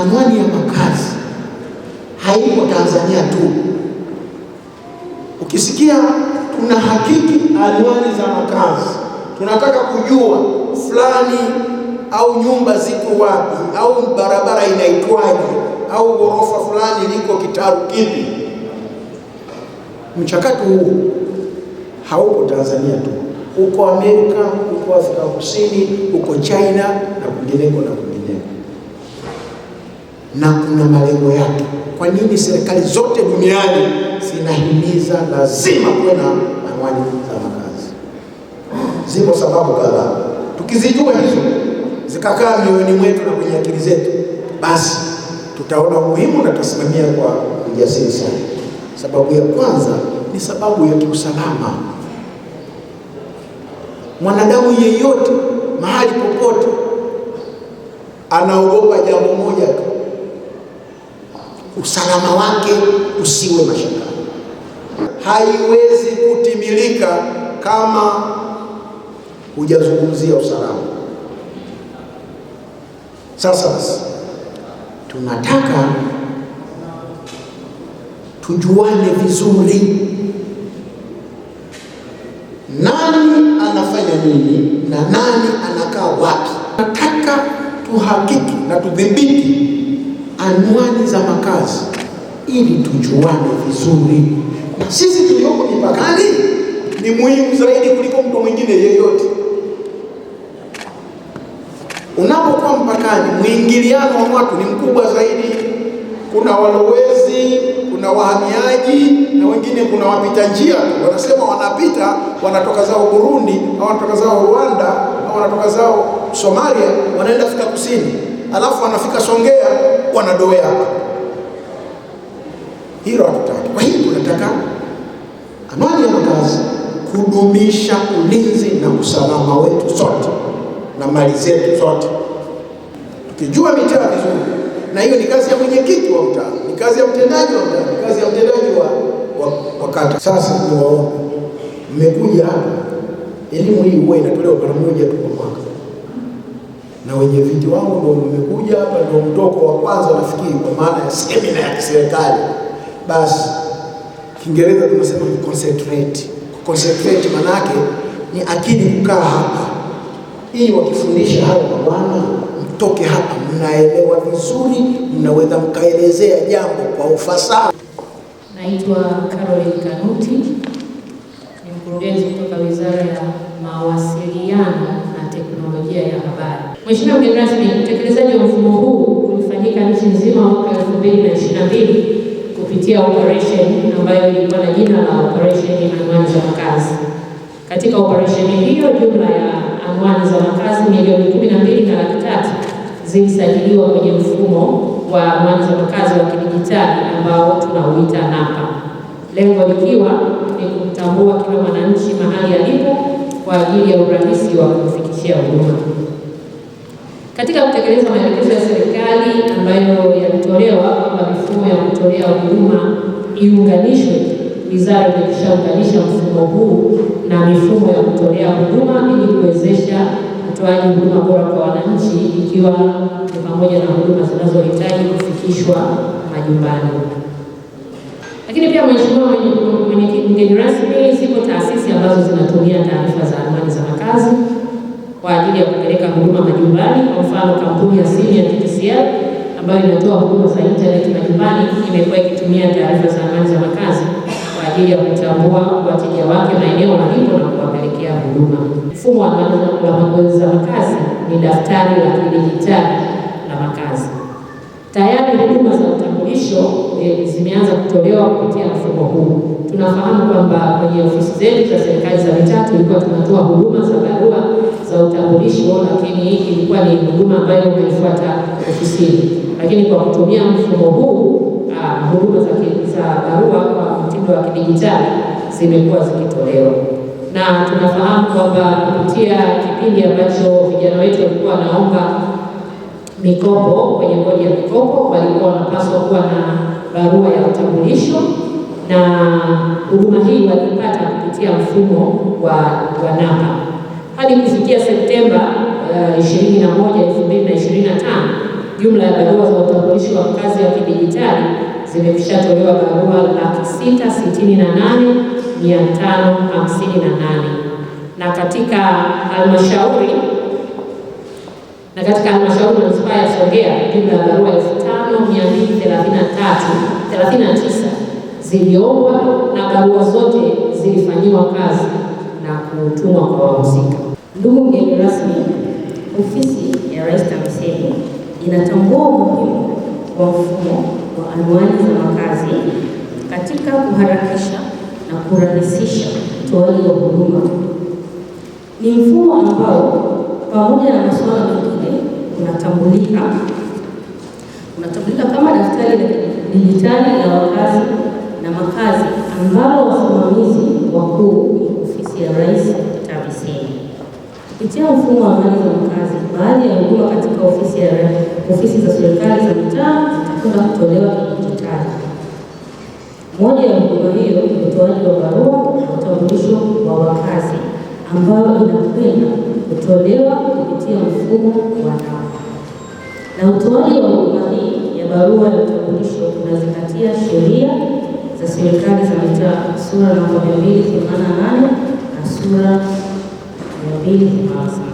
Amani ya makazi haipo Tanzania tu. Ukisikia tuna hakiki anwani za makazi, tunataka kujua fulani au nyumba ziko wapi au barabara inaitwaje au ghorofa fulani liko kitaru kipi. Mchakato huu hauko Tanzania tu, uko Amerika, uko Afrika Kusini, uko China na kwingineko na na kuna malengo yake. Kwa nini serikali zote duniani zinahimiza lazima kuwe na anwani za makazi? Zipo sababu kadhaa, tukizijua hizo zikakaa mioyoni mwetu na kwenye akili zetu, basi tutaona umuhimu na tutasimamia kwa ujasiri sana. Sababu ya kwanza ni sababu ya kiusalama. Mwanadamu yeyote mahali popote anaogopa jambo moja usalama wake usiwe mashaka. Haiwezi kutimilika kama hujazungumzia usalama. Sasa basi, tunataka tujuane vizuri, nani anafanya nini na nani anakaa wapi. Nataka tuhakiki na tudhibiti anwani za makazi ili tujuane vizuri, na sisi tulioko mipakani ni muhimu zaidi kuliko mtu mwingine yeyote. Unapokuwa mpakani, mwingiliano wa watu ni mkubwa zaidi. Kuna walowezi, kuna wahamiaji na wengine, kuna wapita njia wanasema wanapita, wanatoka zao Burundi au wanatoka zao Rwanda au wanatoka zao Somalia, wanaenda Afrika Kusini alafu wanafika Songea kubwa na doe hapa, hilo hatutaki. Kwa hiyo tunataka amani ya makazi, kudumisha ulinzi na usalama wetu sote na mali zetu sote, tukijua mitaa vizuri. Na hiyo ni kazi ya mwenyekiti wa mtaa, ni kazi ya mtendaji wa mtaa, ni kazi ya mtendaji wa, wa, kata. Sasa mmekuja hapa, elimu hii huwa inatolewa mara moja tu kwa mwaka na wenye viti wangu ndio mmekuja hapa, ndio mtoko wa kwanza nafikiri, kwa maana ya semina ya kiserikali. Basi Kiingereza tunasema concentrate. Concentrate manake ni akili kukaa hapa, hii wakifundisha hao mabwana, mtoke hapa mnaelewa vizuri, mnaweza mkaelezea jambo kwa ufasaha. Naitwa Caroline Kanuti, ni mkurugenzi kutoka Wizara ya Mawasiliano na Teknolojia ya Habari. Mheshimiwa mgeni rasmi, utekelezaji wa mfumo huu ulifanyika nchi nzima mwaka 2022 kupitia operation ambayo ilikuwa na jina la operation anwani za makazi. Katika operation hiyo jumla ya anwani za makazi milioni 12 na laki tatu zilisajiliwa kwenye mfumo wa anwani za makazi wa kidijitali ambao tunauita NaPA, lengo likiwa ni kumtambua kila mwananchi mahali alipo kwa ajili ya urahisi wa kumfikishia huduma. Katika kutekeleza maelekezo ya serikali ambayo yalitolewa kwamba mifumo ya kutolea huduma iunganishwe, wizara imekishaunganisha mfumo huu na mifumo ya kutolea huduma ili kuwezesha utoaji huduma bora kwa wananchi, ikiwa ni pamoja na huduma zinazohitaji kufikishwa majumbani. Lakini pia Mheshimiwa mgeni rasmi, ziko taasisi ambazo zinatumia taarifa za amani za makazi kwa ajili ya kupeleka huduma majumbani. Kwa mfano, kampuni ya simu ya TTCL ambayo inatoa huduma za intaneti majumbani imekuwa ikitumia taarifa za amani za makazi kwa ajili ya kutambua wateja wake maeneo walipo na kuwapelekea huduma. Mfumo wa amani za makazi ni daftari la kidijitali la makazi. Tayari huduma za utambulisho eh, zimeanza kutolewa kupitia mfumo huu. Tunafahamu kwamba kwenye ofisi zetu za serikali za mitaa tulikuwa tunatoa huduma za barua za kuishiona lakini hii ilikuwa ni huduma ambayo unaifuata ofisini, lakini kwa kutumia mfumo huu ah, huduma za barua kwa mtindo wa kidijitali zimekuwa zikitolewa, na tunafahamu kwamba kupitia kipindi ambacho vijana wetu walikuwa wanaomba mikopo kwenye bodi ya mikopo, walikuwa wanapaswa kuwa na barua ya utambulisho na huduma hii walipata kupitia mfumo wa, wa namba hadi kufikia Septemba 21, eh, 2025 jumla ya barua za utambulisho wa mkazi wa kidijitali zimeshatolewa barua laki sita sitini na nane mia tano hamsini na nane na katika halmashauri na katika halmashauri manispaa ya Songea jumla ya barua elfu tano mia mbili thelathini na tatu thelathini na tisa ziliombwa na barua zote zilifanyiwa kazi utumwa kwa wahusika. Ndugu mgeni rasmi, ofisi ya Rais TAMISEMI inatambua umuhimu wa mfumo wa anwani za makazi katika kuharakisha na kurahisisha utoaji wa huduma. Ni mfumo ambao pamoja na masuala mengine unatambulika unatambulika kama daftari la dijitali la wakazi na makazi ambalo wasimamizi wakuu ofisi ya Rais TAMISEMI. Kupitia mfumo wa hali za mkazi, baadhi ya huduma katika ofisi ya ofisi za serikali za mitaa zitakwenda kutolewa kidijitali. Moja ya huduma hiyo ni utoaji wa barua na utambulisho wa wakazi, ambayo inakwenda kutolewa kupitia mfumo wa NaPA, na utoaji wa huduma hii ya barua ya utambulisho unazingatia sheria za serikali za mitaa sura namba 288 sua beleza.